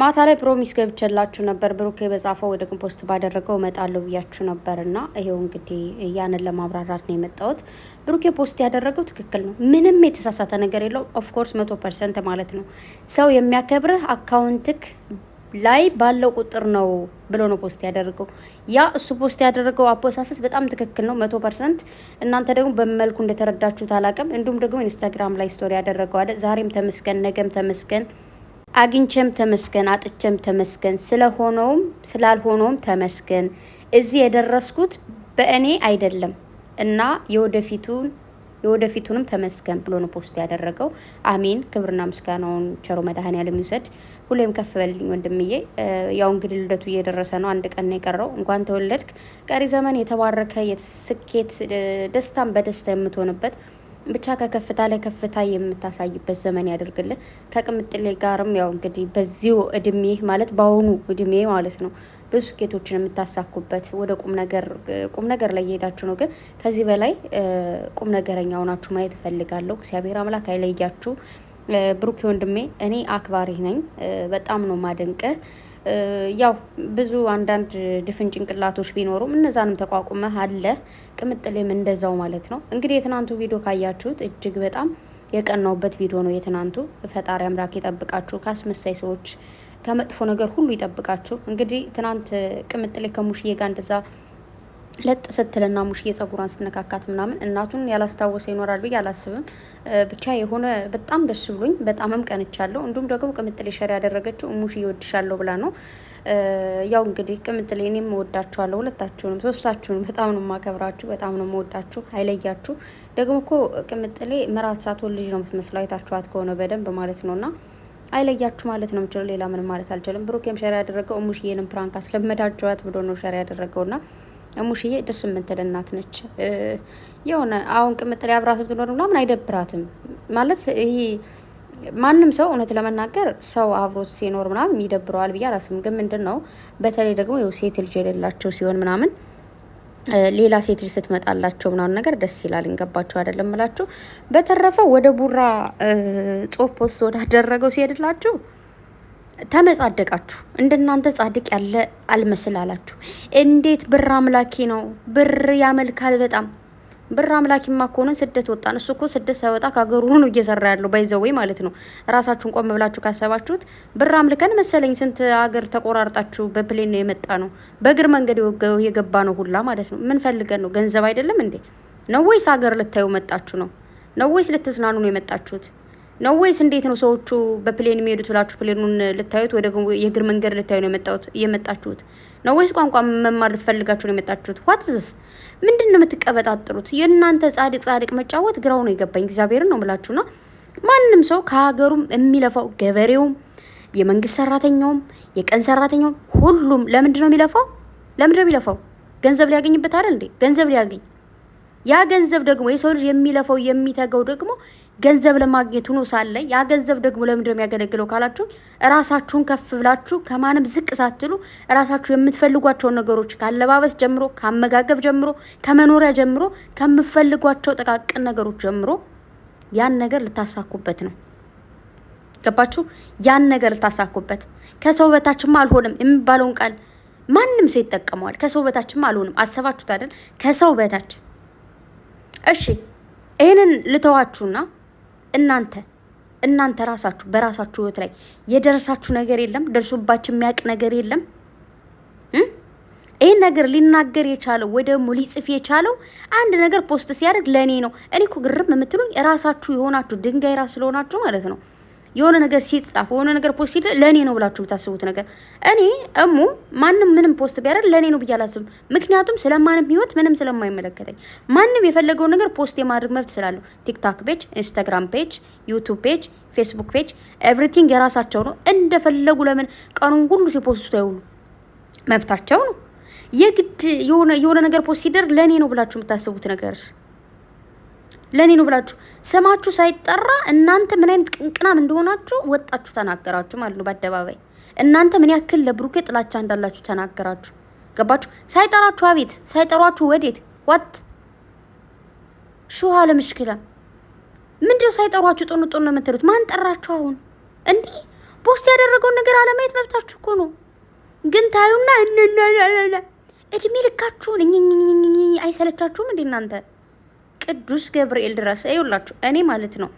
ማታ ላይ ፕሮሚስ ገብቼላችሁ ነበር ብሩኬ በጻፈው ወይ ደግሞ ፖስት ባደረገው እመጣለሁ ብያችሁ ነበር እና ይሄው እንግዲህ ያንን ለማብራራት ነው የመጣሁት። ብሩኬ ፖስት ያደረገው ትክክል ነው። ምንም የተሳሳተ ነገር የለው። ኦፍኮርስ መቶ ፐርሰንት ማለት ነው። ሰው የሚያከብርህ አካውንትክ ላይ ባለው ቁጥር ነው ብሎ ነው ፖስት ያደረገው። ያ እሱ ፖስት ያደረገው አፖሳሰስ በጣም ትክክል ነው መቶ ፐርሰንት። እናንተ ደግሞ በመልኩ እንደተረዳችሁት አላቅም። እንዲሁም ደግሞ ኢንስታግራም ላይ ስቶሪ ያደረገው አለ ዛሬም ተመስገን ነገም ተመስገን አግኝቼም ተመስገን አጥቼም ተመስገን ስለሆነውም ስላልሆነውም ተመስገን። እዚህ የደረስኩት በእኔ አይደለም እና የወደፊቱን የወደፊቱንም ተመስገን ብሎ ነው ፖስት ያደረገው። አሜን። ክብርና ምስጋናውን ቸሮ መድኃኔዓለም ይውሰድ። ሁሌም ከፍ በልኝ ወንድምዬ። ያው እንግዲህ ልደቱ እየደረሰ ነው። አንድ ቀን ነው የቀረው። እንኳን ተወለድክ። ቀሪ ዘመን የተባረከ የስኬት ደስታን በደስታ የምትሆንበት ብቻ ከከፍታ ለከፍታ የምታሳይበት ዘመን ያደርግልን። ከቅምጥሌ ጋርም ያው እንግዲህ በዚሁ እድሜ ማለት በአሁኑ እድሜ ማለት ነው ብዙ ስኬቶችን የምታሳኩበት ወደ ቁም ነገር ቁም ነገር ላይ እየሄዳችሁ ነው። ግን ከዚህ በላይ ቁም ነገረኛ ሆናችሁ ማየት እፈልጋለሁ። እግዚአብሔር አምላክ አይለያችሁ። ብሩኬ ወንድሜ እኔ አክባሪ ነኝ። በጣም ነው ማደንቅህ። ያው ብዙ አንዳንድ ድፍን ጭንቅላቶች ቢኖሩም እነዛንም ተቋቁመህ አለ ቅምጥሌም እንደዛው ማለት ነው። እንግዲህ የትናንቱ ቪዲዮ ካያችሁት እጅግ በጣም የቀናውበት ቪዲዮ ነው የትናንቱ። ፈጣሪ አምላክ ይጠብቃችሁ ከአስመሳይ ሰዎች፣ ከመጥፎ ነገር ሁሉ ይጠብቃችሁ። እንግዲህ ትናንት ቅምጥሌ ከሙሽዬ ጋር እንደዛ ለጥ ስትልና ሙሽዬ ጸጉሯን ስትነካካት ምናምን እናቱን ያላስታወሰ ይኖራል ብዬ አላስብም። ብቻ የሆነ በጣም ደስ ብሎኝ በጣምም ቀንቻለሁ። እንዲሁም ደግሞ ቅምጥሌ ሸር ያደረገችው ሙሽዬ እወድሻለሁ ብላ ነው። ያው እንግዲህ ቅምጥሌ እኔም እወዳችኋለሁ፣ ሁለታችሁንም፣ ሶስታችሁንም በጣም ነው የማከብራችሁ፣ በጣም ነው የምወዳችሁ፣ አይለያችሁ። ደግሞ እኮ ቅምጥሌ ምራት ሳትሆን ልጅ ነው የምትመስለው፣ አይታችኋት ከሆነ በደንብ ማለት ነውና አይለያችሁ ማለት ነው የምችለው። ሌላ ምንም ማለት አልችልም። ብሩኬም ሸር ያደረገው ሙሽዬንም ፕራንክ አስለመዳችኋት ብሎ ነው ሸር ያደረገውና ሙሽዬ ደስ የምትል እናት ነች። የሆነ አሁን ቅምጥሌ አብራት ብትኖር ምናምን አይደብራትም ማለት ይሄ ማንም ሰው እውነት ለመናገር ሰው አብሮት ሲኖር ምናምን ይደብረዋል ብዬ አላስብም። ግን ምንድን ነው በተለይ ደግሞ ይኸው ሴት ልጅ የሌላቸው ሲሆን ምናምን ሌላ ሴት ልጅ ስትመጣላቸው ምናምን ነገር ደስ ይላል። እንገባቸው አይደለም እላችሁ። በተረፈ ወደ ቡራ ጽሁፍ ፖስት ወዳደረገው ሲሄድላችሁ ተመጻደቃችሁ። እንደናንተ ጻድቅ ያለ አልመስል አላችሁ። እንዴት ብር አምላኪ ነው! ብር ያመልካል በጣም ብር አምላኪ ማኮኑን ስደት ወጣን። እሱ እኮ ስደት ሳይወጣ ከሀገሩ ሆኖ እየሰራ ያለው ባይዘወይ ማለት ነው። ራሳችሁን ቆም ብላችሁ ካሰባችሁት ብር አምልከን መሰለኝ ስንት ሀገር ተቆራርጣችሁ በፕሌን ነው የመጣ ነው፣ በእግር መንገድ የገባ ነው ሁላ ማለት ነው። ምን ፈልገን ነው? ገንዘብ አይደለም እንዴ ነው ወይስ ሀገር ልታዩ መጣችሁ ነው? ነው ወይስ ልትዝናኑ ነው የመጣችሁት? ነው ወይስ እንዴት ነው? ሰዎቹ በፕሌን የሚሄዱት ብላችሁ ፕሌኑን ልታዩት ወይ ደግሞ የእግር መንገድ ልታዩ ነው የመጣችሁት ነው ወይስ ቋንቋ መማር ልፈልጋችሁ ነው የመጣችሁት? ዋትዝስ ምንድን ነው የምትቀበጣጥሩት? የእናንተ ጻድቅ ጻድቅ መጫወት ግራው ነው የገባኝ። እግዚአብሔርን ነው ና ማንም ሰው ከሀገሩም የሚለፋው ገበሬውም፣ የመንግስት ሰራተኛውም፣ የቀን ሰራተኛውም ሁሉም ለምንድን ነው የሚለፋው? ለምንድን ነው የሚለፋው? ገንዘብ ሊያገኝበት አይደል እንዴ? ገንዘብ ሊያገኝ ያ ገንዘብ ደግሞ የሰው ልጅ የሚለፋው የሚተገው ደግሞ ገንዘብ ለማግኘት ሆኖ ሳለ ያ ገንዘብ ደግሞ ለምንድነው የሚያገለግለው ካላችሁ እራሳችሁን ከፍ ብላችሁ ከማንም ዝቅ ሳትሉ እራሳችሁ የምትፈልጓቸውን ነገሮች ከአለባበስ ጀምሮ፣ ከአመጋገብ ጀምሮ፣ ከመኖሪያ ጀምሮ፣ ከምትፈልጓቸው ጥቃቅን ነገሮች ጀምሮ ያን ነገር ልታሳኩበት ነው። ገባችሁ? ያን ነገር ልታሳኩበት። ከሰው በታችም አልሆንም የሚባለውን ቃል ማንም ሰው ይጠቀመዋል። ከሰው በታችማ አልሆንም። አሰባችሁት አይደል? ከሰው በታች እሺ። ይህንን ልተዋችሁና እናንተ እናንተ ራሳችሁ በራሳችሁ ህይወት ላይ የደረሳችሁ ነገር የለም? ደርሶባችሁ የሚያውቅ ነገር የለም? ይህን ነገር ሊናገር የቻለው ወይ ደግሞ ሊጽፍ የቻለው አንድ ነገር ፖስት ሲያደርግ ለእኔ ነው። እኔ እኮ ግርም የምትሉኝ ራሳችሁ የሆናችሁ ድንጋይ ራስ ስለሆናችሁ ማለት ነው። የሆነ ነገር ሲጻፍ የሆነ ነገር ፖስት ሲደ ለእኔ ነው ብላችሁ የምታስቡት ነገር እኔ እሙ ማንም ምንም ፖስት ቢያደርግ ለእኔ ነው ብዬ አላስብም። ምክንያቱም ስለማንም ህይወት ምንም ስለማይመለከተኝ ማንም የፈለገውን ነገር ፖስት የማድረግ መብት ስላለው ቲክታክ ፔጅ፣ ኢንስታግራም ፔጅ፣ ዩቱብ ፔጅ፣ ፌስቡክ ፔጅ ኤቭሪቲንግ የራሳቸው ነው። እንደፈለጉ ለምን ቀኑን ሁሉ ሲፖስቱ አይውሉ መብታቸው ነው። የግድ የሆነ ነገር ፖስት ሲደርግ ለእኔ ነው ብላችሁ የምታስቡት ነገር ለእኔ ነው ብላችሁ ስማችሁ ሳይጠራ እናንተ ምን አይነት ቅንቅናም እንደሆናችሁ ወጣችሁ ተናገራችሁ ማለት ነው። በአደባባይ እናንተ ምን ያክል ለብሩኬ ጥላቻ እንዳላችሁ ተናገራችሁ። ገባችሁ? ሳይጠራችሁ አቤት፣ ሳይጠሯችሁ ወዴት ዋት ሹሃ ለምሽክላ ምንድነው? ሳይጠሯችሁ ጥኑ ጥኑ ነው የምትሉት። ማን ጠራችሁ? አሁን እንዲህ ፖስት ያደረገውን ነገር አለማየት መብታችሁ እኮ ነው። ግን ታዩና እድሜ ልካችሁን አይሰለቻችሁም እንዴ እናንተ? ቅዱስ ገብርኤል ድረስ ይውላችሁ፣ እኔ ማለት ነው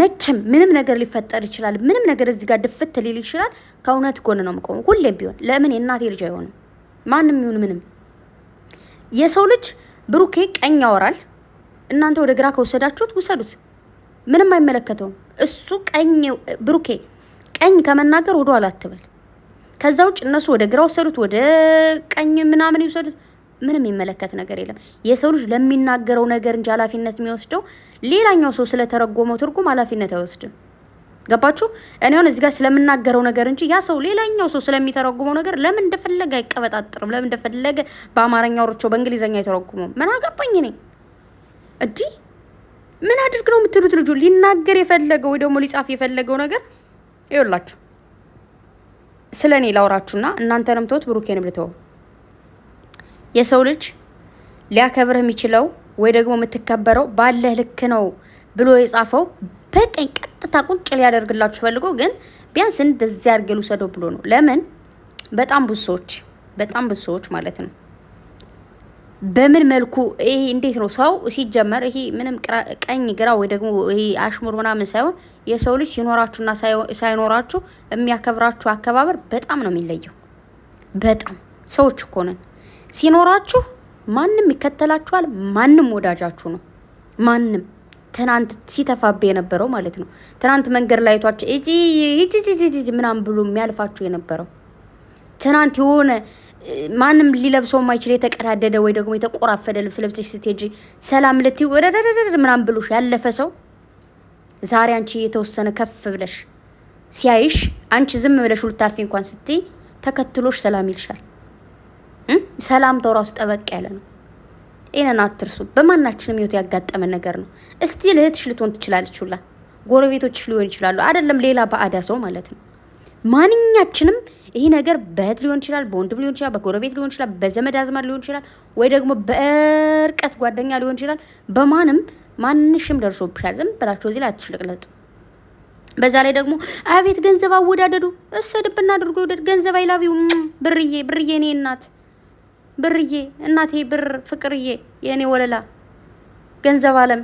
መቼም ምንም ነገር ሊፈጠር ይችላል። ምንም ነገር እዚህ ጋር ድፍት ሊል ይችላል። ከእውነት ጎን ነው የምቆመው ሁሌም ቢሆን። ለምን የእናቴ ልጅ አይሆንም? ማንም ይሁን ምንም የሰው ልጅ ብሩኬ ቀኝ ያወራል። እናንተ ወደ ግራ ከወሰዳችሁት ውሰዱት፣ ምንም አይመለከተውም። እሱ ቀኝ ብሩኬ ቀኝ ከመናገር ወደ ኋላ አትበል። ከዛ ውጭ እነሱ ወደ ግራ ወሰዱት፣ ወደ ቀኝ ምናምን ይውሰዱት ምንም የሚመለከት ነገር የለም። የሰው ልጅ ለሚናገረው ነገር እንጂ ኃላፊነት የሚወስደው ሌላኛው ሰው ስለተረጎመው ትርጉም ኃላፊነት አይወስድም። ገባችሁ? እኔ አሁን እዚህ ጋር ስለምናገረው ነገር እንጂ ያ ሰው ሌላኛው ሰው ስለሚተረጉመው ነገር ለምን እንደፈለገ አይቀበጣጥርም። ለምን እንደፈለገ በአማርኛ ወርቾ በእንግሊዝኛ አይተረጉመውም። ምን አገባኝ እኔ እንዲህ ምን አድርግ ነው የምትሉት? ልጁ ሊናገር የፈለገው ወይ ደግሞ ሊጻፍ የፈለገው ነገር ይኸውላችሁ። ስለ እኔ ላውራችሁና እናንተንም ተውት ብሩኬንም ልተወው። የሰው ልጅ ሊያከብርህ የሚችለው ወይ ደግሞ የምትከበረው ባለህ ልክ ነው ብሎ የጻፈው በቀኝ ቀጥታ ቁጭ ሊያደርግላችሁ ፈልጎ ግን ቢያንስ እንደዚህ አድርጌ ልውሰደው ብሎ ነው። ለምን በጣም ብዙ ሰዎች በጣም ብዙ ሰዎች ማለት ነው በምን መልኩ ይሄ እንዴት ነው ሰው ሲጀመር፣ ይሄ ምንም ቀኝ ግራ ወይ ደግሞ ይሄ አሽሙር ምናምን ሳይሆን የሰው ልጅ ሲኖራችሁና ሳይኖራችሁ የሚያከብራችሁ አከባበር በጣም ነው የሚለየው። በጣም ሰዎች እኮ ነን። ሲኖራችሁ ማንም ይከተላችኋል። ማንም ወዳጃችሁ ነው። ማንም ትናንት ሲተፋብ የነበረው ማለት ነው። ትናንት መንገድ ላይ ቷቸው ምናምን ብሎ የሚያልፋችሁ የነበረው ትናንት የሆነ ማንም ሊለብሰው የማይችል የተቀዳደደ ወይ ደግሞ የተቆራፈደ ልብስ ለብሰሽ ስትሄጂ ሰላም ልት ወደደደደ ምናምን ብሎሽ ያለፈ ሰው ዛሬ አንቺ የተወሰነ ከፍ ብለሽ ሲያይሽ አንቺ ዝም ብለሽ ልታልፊ እንኳን ስትይ ተከትሎሽ ሰላም ይልሻል። ሰላምታው ራሱ ጠበቅ ያለ ነው። ይህንን አትርሱ። በማናችንም ህይወት ያጋጠመ ነገር ነው። እስቲ እህትሽ ልትሆን ትችላለች ሁላ ጎረቤቶችሽ ሊሆን ይችላሉ። አይደለም ሌላ በአዳ ሰው ማለት ነው። ማንኛችንም ይህ ነገር በእህት ሊሆን ይችላል፣ በወንድም ሊሆን ይችላል፣ በጎረቤት ሊሆን ይችላል፣ በዘመድ አዝማድ ሊሆን ይችላል፣ ወይ ደግሞ በእርቀት ጓደኛ ሊሆን ይችላል። በማንም ማንሽም ደርሶብሻል። ዝም ብላችሁ እዚህ ላይ አትሽለቅለጡ። በዛ ላይ ደግሞ አቤት ገንዘብ አወዳደዱ እሰድብና አድርጎ ይውደድ ገንዘብ አይላቢው ብርዬ ብርዬ እኔ እናት ብርዬ፣ እናቴ ብር፣ ፍቅርዬ፣ የእኔ ወለላ፣ ገንዘብ አለም፣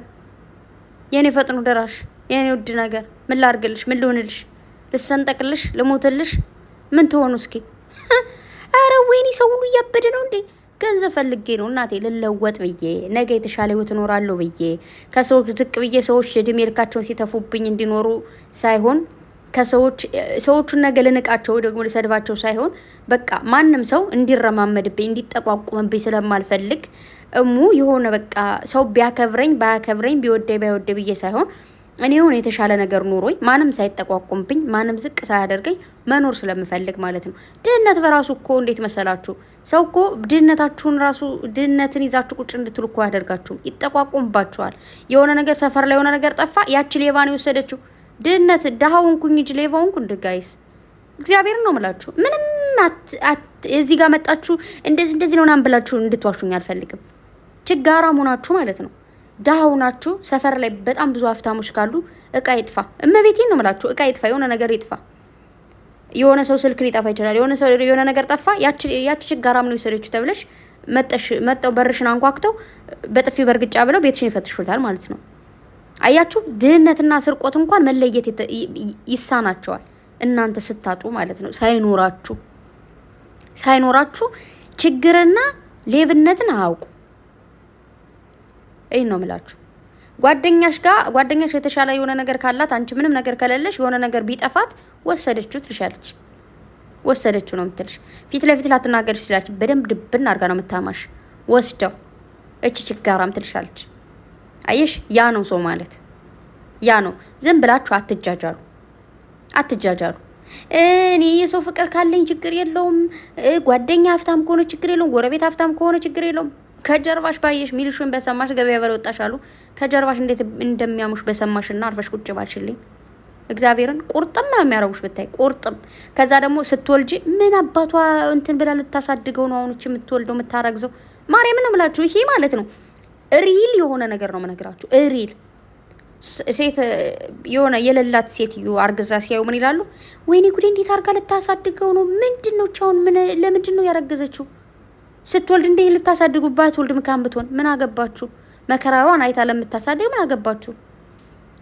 የእኔ ፈጥኖ ደራሽ፣ የእኔ ውድ ነገር፣ ምን ላርግልሽ? ምን ልሆንልሽ? ልሰንጠቅልሽ? ልሞትልሽ? ምን ትሆኑ እስኪ? አረ ወይኔ፣ ሰው ሁሉ እያበደ ነው እንዴ? ገንዘብ ፈልጌ ነው እናቴ፣ ልለወጥ ብዬ ነገ የተሻለ ህይወት እኖራለሁ ብዬ ከሰዎች ዝቅ ብዬ ሰዎች እድሜ ልካቸውን ሲተፉብኝ እንዲኖሩ ሳይሆን ከሰዎች ሰዎቹን ነገ ልንቃቸው ወይ ደግሞ ልሰድባቸው ሳይሆን በቃ ማንም ሰው እንዲረማመድብኝ እንዲጠቋቁምብኝ ስለማልፈልግ እሙ የሆነ በቃ ሰው ቢያከብረኝ ባያከብረኝ ቢወደኝ ባይወደ ብዬ ሳይሆን እኔ የሆነ የተሻለ ነገር ኖሮኝ ማንም ሳይጠቋቁምብኝ ማንም ዝቅ ሳያደርገኝ መኖር ስለምፈልግ ማለት ነው። ድህነት በራሱ እኮ እንዴት መሰላችሁ? ሰው እኮ ድህነታችሁን ራሱ ድህነትን ይዛችሁ ቁጭ እንድትሉ እኮ አያደርጋችሁም። ይጠቋቁምባችኋል። የሆነ ነገር ሰፈር ላይ የሆነ ነገር ጠፋ፣ ያቺ ሌባን የወሰደችው ድህነት ድሃውን ኩኝ እጅ ሌባውን ሆንኩ ድጋይስ ጋይስ እግዚአብሔር ነው ምላችሁ። ምንም እዚህ ጋር መጣችሁ እንደዚህ እንደዚህ ነው ምናምን ብላችሁ እንድትዋሹኝ አልፈልግም። ችጋራ ሆናችሁ ማለት ነው ድሀ ናችሁ። ሰፈር ላይ በጣም ብዙ ሀብታሞች ካሉ እቃ ይጥፋ፣ እመቤቴን ነው ምላችሁ፣ እቃ ይጥፋ፣ የሆነ ነገር ይጥፋ። የሆነ ሰው ስልክ ሊጠፋ ይችላል። የሆነ ሰው የሆነ ነገር ጠፋ፣ ያቺ ችጋራም ነው የወሰደችው ተብለሽ መጠሽ መጠው በርሽን አንኳክተው በጥፊ በእርግጫ ብለው ቤትሽን ይፈትሹታል ማለት ነው። አያችሁ፣ ድህነትና ስርቆት እንኳን መለየት ይሳናቸዋል። እናንተ ስታጡ ማለት ነው። ሳይኖራችሁ ሳይኖራችሁ ችግርና ሌብነትን አያውቁ። ይህን ነው ምላችሁ። ጓደኛሽ ጋር ጓደኛሽ የተሻለ የሆነ ነገር ካላት አንቺ ምንም ነገር ከሌለሽ የሆነ ነገር ቢጠፋት ወሰደችው ትልሻለች። ወሰደችው ነው ምትልሽ። ፊት ለፊት ላትናገርሽ ትችላለች። በደንብ ድብን አድርጋ ነው የምታማሽ። ወስደው እቺ ችጋራም ትልሻለች። አየሽ፣ ያ ነው ሰው ማለት ያ ነው። ዝም ብላችሁ አትጃጃሉ፣ አትጃጃሉ። እኔ የሰው ፍቅር ካለኝ ችግር የለውም። ጓደኛ ሀብታም ከሆነ ችግር የለውም። ጎረቤት ሀብታም ከሆነ ችግር የለውም። ከጀርባሽ ባየሽ ሚልሹን በሰማሽ ገበያ በር ወጣሽ አሉ። ከጀርባሽ እንዴት እንደሚያሙሽ በሰማሽና አርፈሽ ቁጭ ባልሽልኝ እግዚአብሔርን ቁርጥም ነው የሚያረጉሽ ብታይ ቁርጥም። ከዛ ደግሞ ስትወልጂ ምን አባቷ እንትን ብላ ልታሳድገው ነው አሁን እቺ የምትወልደው የምታረግዘው? ማርያምን ነው የምላችሁ ይሄ ማለት ነው። ሪል የሆነ ነገር ነው የምነግራችሁ። ሪል ሴት የሆነ የሌላት ሴትዮ አርግዛ ሲያዩ ምን ይላሉ? ወይኔ ጉዴ እንዴት አርጋ ልታሳድገው ነው? ምንድን ነው ቻውን? ለምንድን ነው ያረገዘችው? ስትወልድ እንዴ ልታሳድጉባት? ወልድ ምካም ብትሆን ምን አገባችሁ? መከራዋን አይታ ለምታሳድግ ምን አገባችሁ?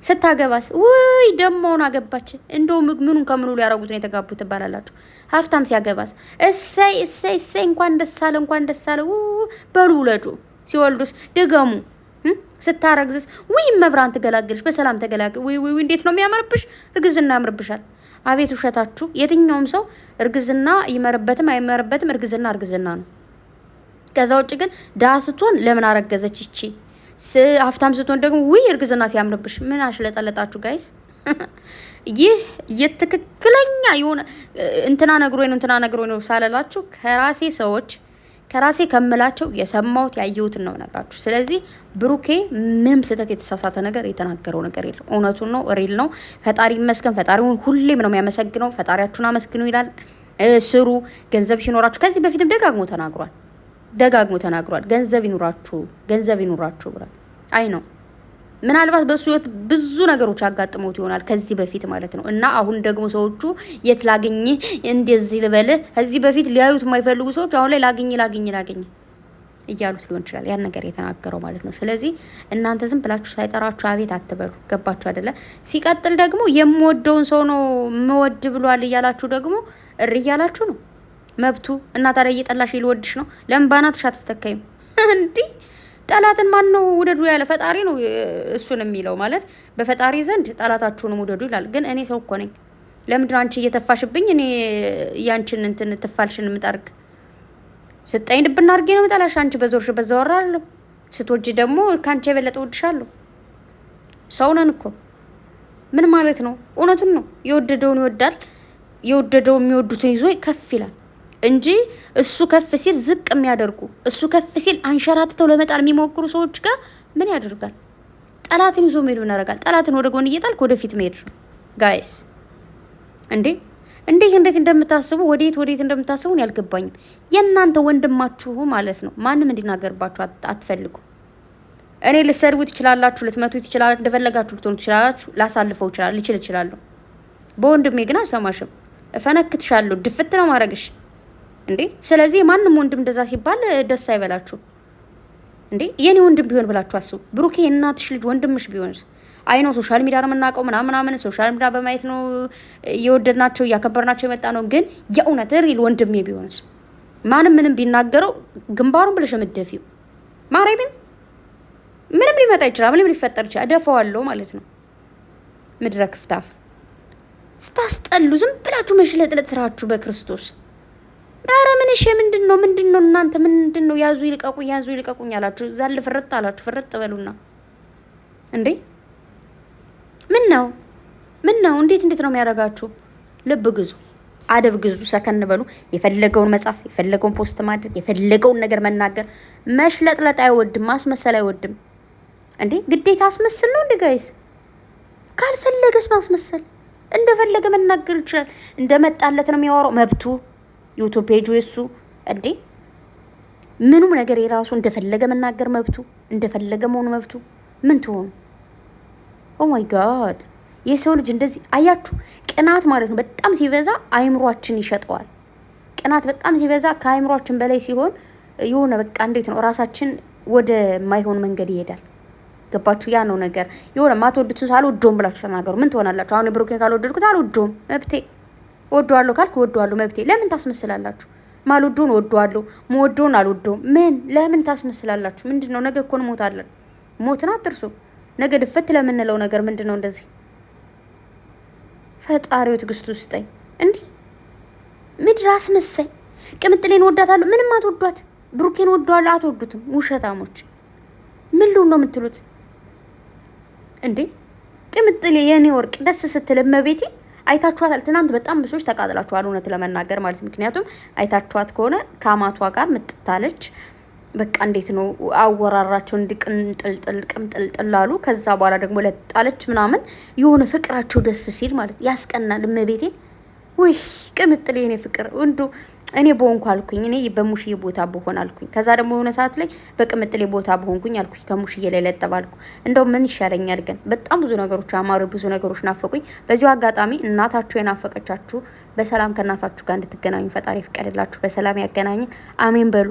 ስታገባስ ውይ ደሞውን አገባች። እንደው ምኑን ከምኑ ሊያረጉት ነው የተጋቡ ትባላላችሁ። ሀብታም ሲያገባስ እሰይ እሰይ እሰይ እንኳን ደስ አለ እንኳን ደስ አለ በሉ ውለዱ። ሲወልዱስ ድገሙ ስታረግዝስ ውይ መብራን ትገላግልሽ፣ በሰላም ተገላገል። ውይ ውይ እንዴት ነው የሚያምርብሽ! እርግዝና ያምርብሻል። አቤት ውሸታችሁ! የትኛውም ሰው እርግዝና ይመርበትም አይመርበትም፣ እርግዝና እርግዝና ነው። ከዛ ውጭ ግን ድሀ ስትሆን ለምን አረገዘች ይቺ፣ ሀብታም ስትሆን ደግሞ ውይ እርግዝና ሲያምርብሽ። ምን አሽለጠለጣችሁ ጋይስ? ይህ የትክክለኛ የሆነ እንትና ነግሮ ነው እንትና ነግሮ ነው ሳለላችሁ ከራሴ ሰዎች ከራሴ ከምላቸው የሰማሁት ያየሁትን ነው ነግራችሁ። ስለዚህ ብሩኬ ምንም ስህተት የተሳሳተ ነገር የተናገረው ነገር የለም። እውነቱን ነው፣ ሪል ነው። ፈጣሪ ይመስገን። ፈጣሪውን ሁሌም ነው የሚያመሰግነው። ፈጣሪያችሁን አመስግኑ ይላል። ስሩ፣ ገንዘብ ሲኖራችሁ። ከዚህ በፊትም ደጋግሞ ተናግሯል፣ ደጋግሞ ተናግሯል። ገንዘብ ይኑራችሁ፣ ገንዘብ ይኑራችሁ ብሏል። አይ ነው ምናልባት በሱ ህይወት ብዙ ነገሮች አጋጥመውት ይሆናል ከዚህ በፊት ማለት ነው። እና አሁን ደግሞ ሰዎቹ የት ላግኝ እንደዚህ ልበል፣ ከዚህ በፊት ሊያዩት የማይፈልጉ ሰዎች አሁን ላይ ላግኝ ላግኝ ላግኝ እያሉት ሊሆን ይችላል ያን ነገር የተናገረው ማለት ነው። ስለዚህ እናንተ ዝም ብላችሁ ሳይጠራችሁ አቤት አትበሉ። ገባችሁ አይደለ? ሲቀጥል ደግሞ የምወደውን ሰው ነው ምወድ ብሏል እያላችሁ ደግሞ እሪ እያላችሁ ነው መብቱ። እና ታዲያ እየጠላሽ ሊወድሽ ነው። ለምን ባናትሽ አትተካይም እንዲህ ጠላትን ማን ነው ውደዱ ያለ? ፈጣሪ ነው እሱን የሚለው ማለት በፈጣሪ ዘንድ ጠላታችሁንም ውደዱ ይላል። ግን እኔ ሰው እኮ ነኝ። ለምንድን አንቺ እየተፋሽብኝ እኔ ያንቺን እንትን ትፋልሽን የምጠርግ ስጠኝ ድብና አድርጌ ነው የምጠላሽ። አንቺ በዞርሽ በዛወራለሁ ስትወጂ ደግሞ ከአንቺ የበለጠ ወድሻለሁ። ሰው ነን እኮ ምን ማለት ነው? እውነቱን ነው። የወደደውን ይወዳል። የወደደው የሚወዱትን ይዞ ከፍ ይላል። እንጂ እሱ ከፍ ሲል ዝቅ የሚያደርጉ እሱ ከፍ ሲል አንሸራትተው ለመጣል የሚሞክሩ ሰዎች ጋር ምን ያደርጋል? ጠላትን ይዞ መሄዱን ያደርጋል? ጠላትን ወደ ጎን እየጣልክ ወደፊት መሄድ ጋይስ። እንዴ እንዴት እንዴት እንደምታስቡ ወዴት ወዴት እንደምታስቡን ያልገባኝም። የእናንተ ወንድማችሁ ማለት ነው። ማንም እንዲናገርባችሁ አትፈልጉ። እኔ ልሰድቡ ትችላላችሁ፣ ልትመቱ ትችላላችሁ፣ እንደፈለጋችሁ ልትሆኑ ትችላላችሁ። ላሳልፈው ይችላል ልችል እችላለሁ። በወንድሜ ግን አልሰማሽም። እፈነክትሻለሁ። ድፍት ነው ማድረግሽ። እንዴ ስለዚህ ማንም ወንድም እንደዛ ሲባል ደስ አይበላችሁ እንዴ የኔ ወንድም ቢሆን ብላችሁ አስቡ ብሩኬ እናትሽ ልጅ ወንድምሽ ቢሆን አይ ነው ሶሻል ሚዲያ ነው የምናውቀው ምናምን ምናምን ሶሻል ሚዲያ በማየት ነው እየወደድናቸው እያከበርናቸው የመጣ ነው ግን የእውነት ሪል ወንድሜ ቢሆንስ ማንም ምንም ቢናገረው ግንባሩን ብለሽ የምትደፊው ማርያምን ምንም ሊመጣ ይችላል ምንም ሊፈጠር ይችላል እደፈዋለሁ ማለት ነው ምድረ ክፍታፍ ስታስጠሉ ዝም ብላችሁ መሽለጥለጥ ስራችሁ በክርስቶስ ኧረ ምንሽ ምንድን ነው ምንድን ነው እናንተ ምንድን ነው? ያዙ ይልቀቁ፣ ያዙ ይልቀቁኝ አላችሁ። ዛል ፍርጥ አላችሁ። ፍርጥ በሉና እንዴ! ምን ነው ምን ነው? እንዴት እንዴት ነው የሚያደርጋችሁ? ልብ ግዙ፣ አደብ ግዙ፣ ሰከን በሉ። የፈለገውን መጻፍ፣ የፈለገውን ፖስት ማድረግ፣ የፈለገውን ነገር መናገር፣ መሽለጥለጥ አይወድም፣ ማስመሰል አይወድም። እንዴ ግዴታ አስመስል ነው እንዴ ጋይስ? ካልፈለገስ ማስመሰል እንደፈለገ መናገር ይችላል። እንደመጣለት ነው የሚያወራው፣ መብቱ ዩቱብ ፔጁ የሱ እንዴ ምኑም ነገር የራሱ እንደፈለገ መናገር መብቱ፣ እንደፈለገ መሆኑ መብቱ። ምን ትሆኑ? ማይ ጋድ የሰው ልጅ እንደዚህ አያችሁ። ቅናት ማለት ነው በጣም ሲበዛ አይምሯችን ይሸጠዋል። ቅናት በጣም ሲበዛ ከአይምሯችን በላይ ሲሆን የሆነ በቃ እንዴት ነው ራሳችን ወደ ማይሆን መንገድ ይሄዳል። ገባችሁ? ያ ነው ነገር። የሆነ ማትወዱት አልወዶም ብላችሁ ተናገሩ። ምን ትሆናላችሁ? አሁን የብሩኬን ካልወደድኩት አልወዶም መብቴ ወደዋለሁ ካልክ ወደዋለሁ መብቴ። ለምን ታስመስላላችሁ? ማልወደውን ወደዋለሁ፣ መወደውን አልወደውም። ምን ለምን ታስመስላላችሁ? ምንድን ነው? ነገ እኮ እንሞታለን። ሞትን አትርሱ። ነገ ድፈት ለምንለው ነገር ምንድን ነው? እንደዚህ ፈጣሪው ትግስቱ ስጠኝ። እንዲህ ምድር አስመሳይ ቅምጥሌን ወዳታለሁ። ምንም አትወዷት። ብሩኬን ወደዋለሁ፣ አትወዱትም። ውሸታሞች ምን ልሁን ነው የምትሉት እንዴ? ቅምጥሌ የኔ ወርቅ ደስ ስትል መቤቴ አይታችኋታል። ትናንት በጣም ብሶች ተቃጥላችኋል፣ እውነት ለመናገር ማለት ምክንያቱም አይታችኋት ከሆነ ከአማቷ ጋር ምጥታለች። በቃ እንዴት ነው አወራራቸው እንዲቅንጥልጥል ቅምጥልጥል አሉ። ከዛ በኋላ ደግሞ ለጣለች ምናምን የሆነ ፍቅራቸው ደስ ሲል ማለት ያስቀናል። እመቤቴ ውይ ቅምጥል የኔ ፍቅር እንዱ እኔ በሆንኩ አልኩኝ። እኔ በሙሽዬ ቦታ በሆን አልኩኝ። ከዛ ደግሞ የሆነ ሰዓት ላይ በቅምጥሌ ቦታ በሆንኩኝ አልኩኝ። ከሙሽዬ ላይ ለጠብ አልኩ። እንደው ምን ይሻለኛል ግን? በጣም ብዙ ነገሮች አማሩ፣ ብዙ ነገሮች ናፈቁኝ። በዚሁ አጋጣሚ እናታችሁ የናፈቀቻችሁ በሰላም ከእናታችሁ ጋር እንድትገናኙ ፈጣሪ ፍቀድላችሁ፣ በሰላም ያገናኘን። አሜን በሉ።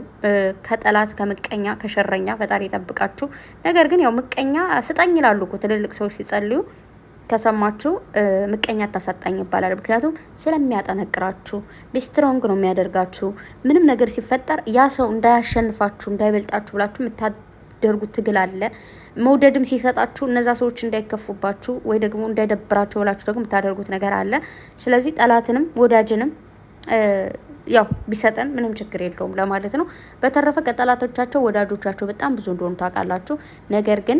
ከጠላት ከምቀኛ ከሸረኛ ፈጣሪ ይጠብቃችሁ። ነገር ግን ያው ምቀኛ ስጠኝ ይላሉ እኮ ትልልቅ ሰዎች ሲጸልዩ ከሰማችሁ ምቀኛ ታሳጣኝ ይባላል። ምክንያቱም ስለሚያጠነቅራችሁ ቢስትሮንግ ነው የሚያደርጋችሁ። ምንም ነገር ሲፈጠር ያ ሰው እንዳያሸንፋችሁ እንዳይበልጣችሁ ብላችሁ የምታደርጉት ትግል አለ። መውደድም ሲሰጣችሁ እነዛ ሰዎች እንዳይከፉባችሁ ወይ ደግሞ እንዳይደብራችሁ ብላችሁ ደግሞ የምታደርጉት ነገር አለ። ስለዚህ ጠላትንም ወዳጅንም ያው ቢሰጠን ምንም ችግር የለውም ለማለት ነው። በተረፈ ከጠላቶቻቸው ወዳጆቻቸው በጣም ብዙ እንደሆኑ ታውቃላችሁ። ነገር ግን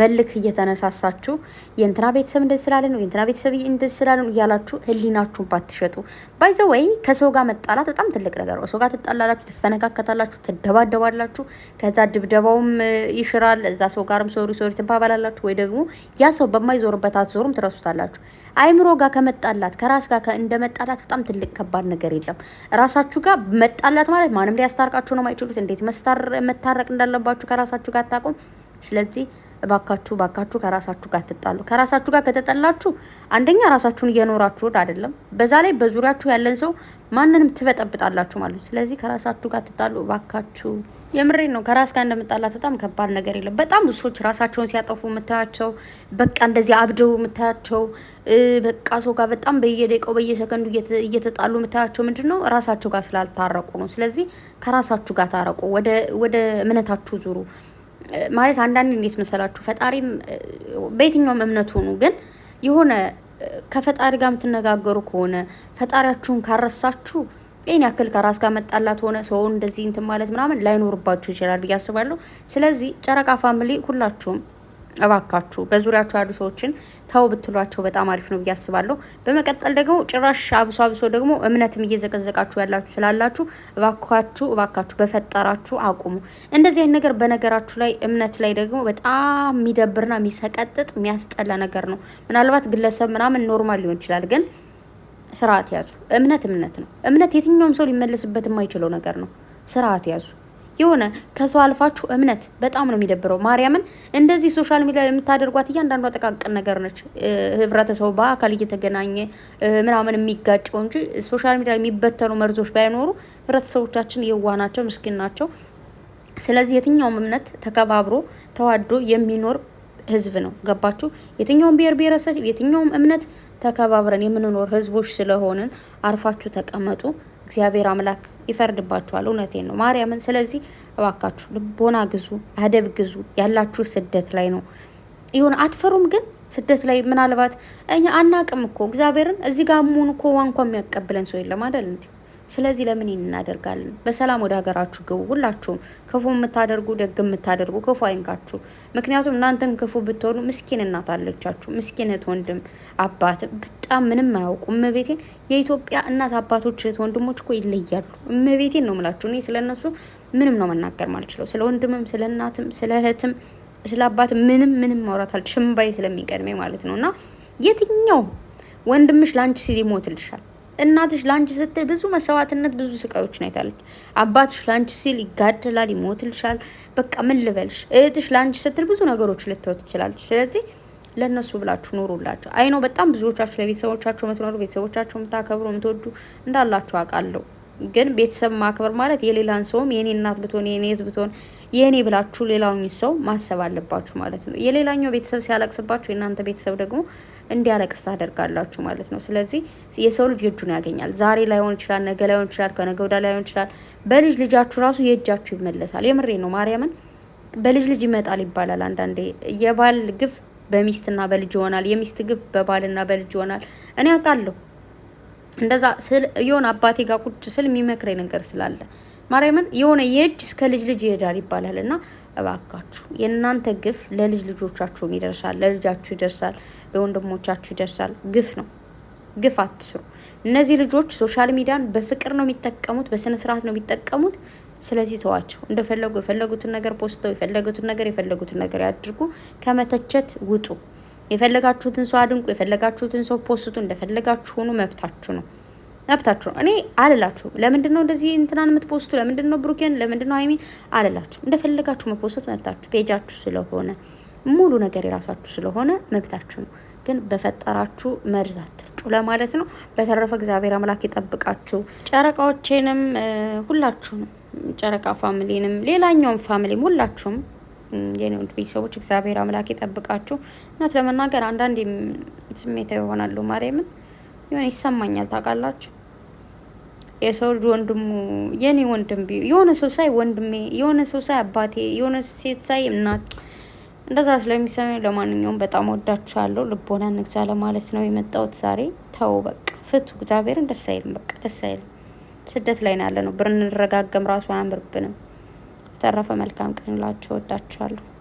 በልክ እየተነሳሳችሁ የእንትና ቤተሰብ እንደዚህ ስላለ ነው የእንትና ቤተሰብ እንደዚህ ስላለ ነው እያላችሁ ህሊናችሁን ባትሸጡ። ባይዘ ወይ ከሰው ጋር መጣላት በጣም ትልቅ ነገር ነው። ሰው ጋር ትጣላላችሁ፣ ትፈነካከታላችሁ፣ ትደባደባላችሁ። ከዛ ድብደባውም ይሽራል። እዛ ሰው ጋርም ሶሪ ሶሪ ትባባላላችሁ፣ ወይ ደግሞ ያ ሰው በማይዞርበት አትዞሩም፣ ትረሱታላችሁ። አይምሮ ጋር ከመጣላት ከራስ ጋር እንደ መጣላት በጣም ትልቅ ከባድ ነገር የለም። ራሳችሁ ጋር መጣላት ማለት ማንም ሊያስታርቃችሁ ነው የማይችሉት። እንዴት መታረቅ እንዳለባችሁ ከራሳችሁ ጋር አታውቁም። ስለዚህ እባካችሁ እባካችሁ ከራሳችሁ ጋር ትጣሉ። ከራሳችሁ ጋር ከተጠላችሁ አንደኛ ራሳችሁን እየኖራችሁ ወድ አይደለም፣ በዛ ላይ በዙሪያችሁ ያለን ሰው ማንንም ትበጠብጣላችሁ ማለት ስለዚህ ከራሳችሁ ጋር ትጣሉ እባካችሁ። የምሬን ነው። ከራስ ጋር እንደምጣላት በጣም ከባድ ነገር የለም። በጣም ብዙ ሰዎች ራሳቸውን ሲያጠፉ የምታያቸው፣ በቃ እንደዚህ አብደው የምታያቸው፣ በቃ ሰው ጋር በጣም በየደቂቃው በየሰከንዱ እየተጣሉ የምታያቸው ምንድን ነው ራሳቸው ጋር ስላልታረቁ ነው። ስለዚህ ከራሳችሁ ጋር ታረቁ፣ ወደ እምነታችሁ ዙሩ። ማለት አንዳንድ እንዴት መሰላችሁ ፈጣሪን በየትኛውም እምነት ሆኑ ግን የሆነ ከፈጣሪ ጋር የምትነጋገሩ ከሆነ ፈጣሪያችሁን ካረሳችሁ ይህን ያክል ከራስ ጋር መጣላት ሆነ ሰው እንደዚህ እንትን ማለት ምናምን ላይኖርባችሁ ይችላል ብዬ አስባለሁ። ስለዚህ ጨረቃ ፋሚሊ ሁላችሁም እባካችሁ በዙሪያቸው ያሉ ሰዎችን ተው ብትሏቸው በጣም አሪፍ ነው ብዬ አስባለሁ። በመቀጠል ደግሞ ጭራሽ አብሶ አብሶ ደግሞ እምነትም እየዘቀዘቃችሁ ያላችሁ ስላላችሁ እባካችሁ እባካችሁ በፈጠራችሁ አቁሙ። እንደዚህ አይነት ነገር በነገራችሁ ላይ እምነት ላይ ደግሞ በጣም የሚደብርና የሚሰቀጥጥ የሚያስጠላ ነገር ነው። ምናልባት ግለሰብ ምናምን ኖርማል ሊሆን ይችላል ግን ስርዓት ያዙ። እምነት እምነት ነው። እምነት የትኛውም ሰው ሊመለስበት የማይችለው ነገር ነው። ስርዓት ያዙ። የሆነ ከሰው አልፋችሁ እምነት በጣም ነው የሚደብረው። ማርያምን እንደዚህ ሶሻል ሚዲያ የምታደርጓት እያንዳንዷ አጠቃቅን ነገር ነች። ህብረተሰቡ በአካል እየተገናኘ ምናምን የሚጋጨው እንጂ ሶሻል ሚዲያ የሚበተኑ መርዞች ባይኖሩ ህብረተሰቦቻችን የዋህ ናቸው፣ ምስኪን ናቸው። ስለዚህ የትኛውም እምነት ተከባብሮ ተዋዶ የሚኖር ህዝብ ነው። ገባችሁ? የትኛውም ብሔር ብሔረሰብ፣ የትኛውም እምነት ተከባብረን የምንኖር ህዝቦች ስለሆንን አርፋችሁ ተቀመጡ። እግዚአብሔር አምላክ ይፈርድባችኋል። እውነቴን ነው ማርያምን። ስለዚህ እባካችሁ ልቦና ግዙ፣ አደብ ግዙ። ያላችሁ ስደት ላይ ነው ይሁን አትፈሩም። ግን ስደት ላይ ምናልባት እኛ አናቅም እኮ እግዚአብሔርን። እዚህ ጋር ሙን እኮ ዋንኳ የሚያቀብለን ሰው የለም አደል እንዴ? ስለዚህ ለምን እናደርጋለን? በሰላም ወደ ሀገራችሁ ግቡ። ሁላችሁም ክፉ የምታደርጉ ደግ የምታደርጉ ክፉ አይንካችሁ። ምክንያቱም እናንተን ክፉ ብትሆኑ ምስኪን እናት አለቻችሁ፣ ምስኪን እህት ወንድም፣ አባት በጣም ምንም አያውቁ። እመቤቴን የኢትዮጵያ እናት አባቶች፣ እህት ወንድሞች እኮ ይለያሉ። እመቤቴን ነው የምላችሁ። እኔ ስለነሱ ምንም ነው መናገር ማልችለው። ስለ ወንድምም ስለ እናትም ስለ እህትም ስለ አባት ምንም ምንም ማውራት አልችልም። እምባዬ ስለሚቀድመኝ ማለት ነው እና የትኛው ወንድምሽ ለአንቺ ሲል ይሞትልሻል እናትሽ ለአንቺ ስትል ብዙ መሰዋዕትነት፣ ብዙ ስቃዮችን አይታለች። አባትሽ ለአንቺ ሲል ይጋደላል፣ ይሞትልሻል። በቃ ምን ልበልሽ፣ እህትሽ ለአንቺ ስትል ብዙ ነገሮች ልትወት ትችላለች። ስለዚህ ለእነሱ ብላችሁ ኖሩላቸው። አይ ነው በጣም ብዙዎቻችሁ ለቤተሰቦቻቸው የምትኖሩ ቤተሰቦቻቸው የምታከብሩ የምትወዱ እንዳላችሁ አውቃለሁ። ግን ቤተሰብ ማክበር ማለት የሌላን ሰውም የኔ እናት ብትሆን የኔ እህት ብትሆን የኔ ብላችሁ ሌላውን ሰው ማሰብ አለባችሁ ማለት ነው። የሌላኛው ቤተሰብ ሲያለቅስባችሁ የእናንተ ቤተሰብ ደግሞ እንዲያለቅስ ታደርጋላችሁ ማለት ነው። ስለዚህ የሰው ልጅ እጁን ያገኛል። ዛሬ ላይሆን ይችላል፣ ነገ ላይሆን ይችላል፣ ከነገ ወዲያ ላይሆን ይችላል። በልጅ ልጃችሁ ራሱ የእጃችሁ ይመለሳል። የምሬ ነው። ማርያምን በልጅ ልጅ ይመጣል ይባላል። አንዳንዴ የባል ግፍ በሚስትና በልጅ ይሆናል፣ የሚስት ግፍ በባልና በልጅ ይሆናል። እኔ አውቃለሁ እንደዛ ስል የሆነ አባቴ ጋር ቁጭ ስል የሚመክረኝ ነገር ስላለ ማርያምን የሆነ የእጅ እስከ ልጅ ልጅ ይሄዳል ይባላል እና እባካችሁ የእናንተ ግፍ ለልጅ ልጆቻችሁም ይደርሳል፣ ለልጃችሁ ይደርሳል፣ ለወንድሞቻችሁ ይደርሳል። ግፍ ነው። ግፍ አትስሩ። እነዚህ ልጆች ሶሻል ሚዲያን በፍቅር ነው የሚጠቀሙት፣ በስነ ስርዓት ነው የሚጠቀሙት። ስለዚህ ተዋቸው። እንደፈለጉ የፈለጉትን ነገር ፖስተው የፈለጉትን ነገር የፈለጉትን ነገር ያድርጉ። ከመተቸት ውጡ። የፈለጋችሁትን ሰው አድንቁ፣ የፈለጋችሁትን ሰው ፖስቱ፣ እንደፈለጋችሁ ሆኑ። መብታችሁ ነው። መብታችሁ ነው። እኔ አልላችሁ ለምንድን ነው እንደዚህ እንትናን የምትፖስቱ ለምንድን ነው ብሩኬን ለምንድን ነው ሀይሚን አልላችሁ። እንደፈለጋችሁ መፖስት መብታችሁ ፔጃችሁ ስለሆነ ሙሉ ነገር የራሳችሁ ስለሆነ መብታችሁ ነው። ግን በፈጠራችሁ መርዝ አትርጩ ለማለት ነው። በተረፈ እግዚአብሔር አምላክ ይጠብቃችሁ። ጨረቃዎቼንም ሁላችሁንም ጨረቃ ፋሚሊንም ሌላኛውም ፋሚሊም ሁላችሁም የኔ ውድ ቤተሰቦች እግዚአብሔር አምላክ ይጠብቃችሁ። እውነት ለመናገር አንዳንዴ ስሜታዊ ይሆናሉ። ማርያምን ይሆን ይሰማኛል ታውቃላችሁ። የሰው ልጅ ወንድሙ የኔ ወንድም ቢ የሆነ ሰው ሳይ ወንድሜ፣ የሆነ ሰው ሳይ አባቴ፣ የሆነ ሴት ሳይ እናት እንደዛ ስለሚሰማኝ ለማንኛውም በጣም ወዳችኋለሁ። ልቦና ንግዛ ለማለት ነው የመጣሁት ዛሬ። ተው በቃ ፍቱ፣ እግዚአብሔርን ደስ አይልም፣ በቃ ደስ አይልም። ስደት ላይ ነው ያለ ነው። ብንረጋገም ራሱ አያምርብንም። በተረፈ መልካም ቀን ላችሁ፣ ወዳችኋለሁ።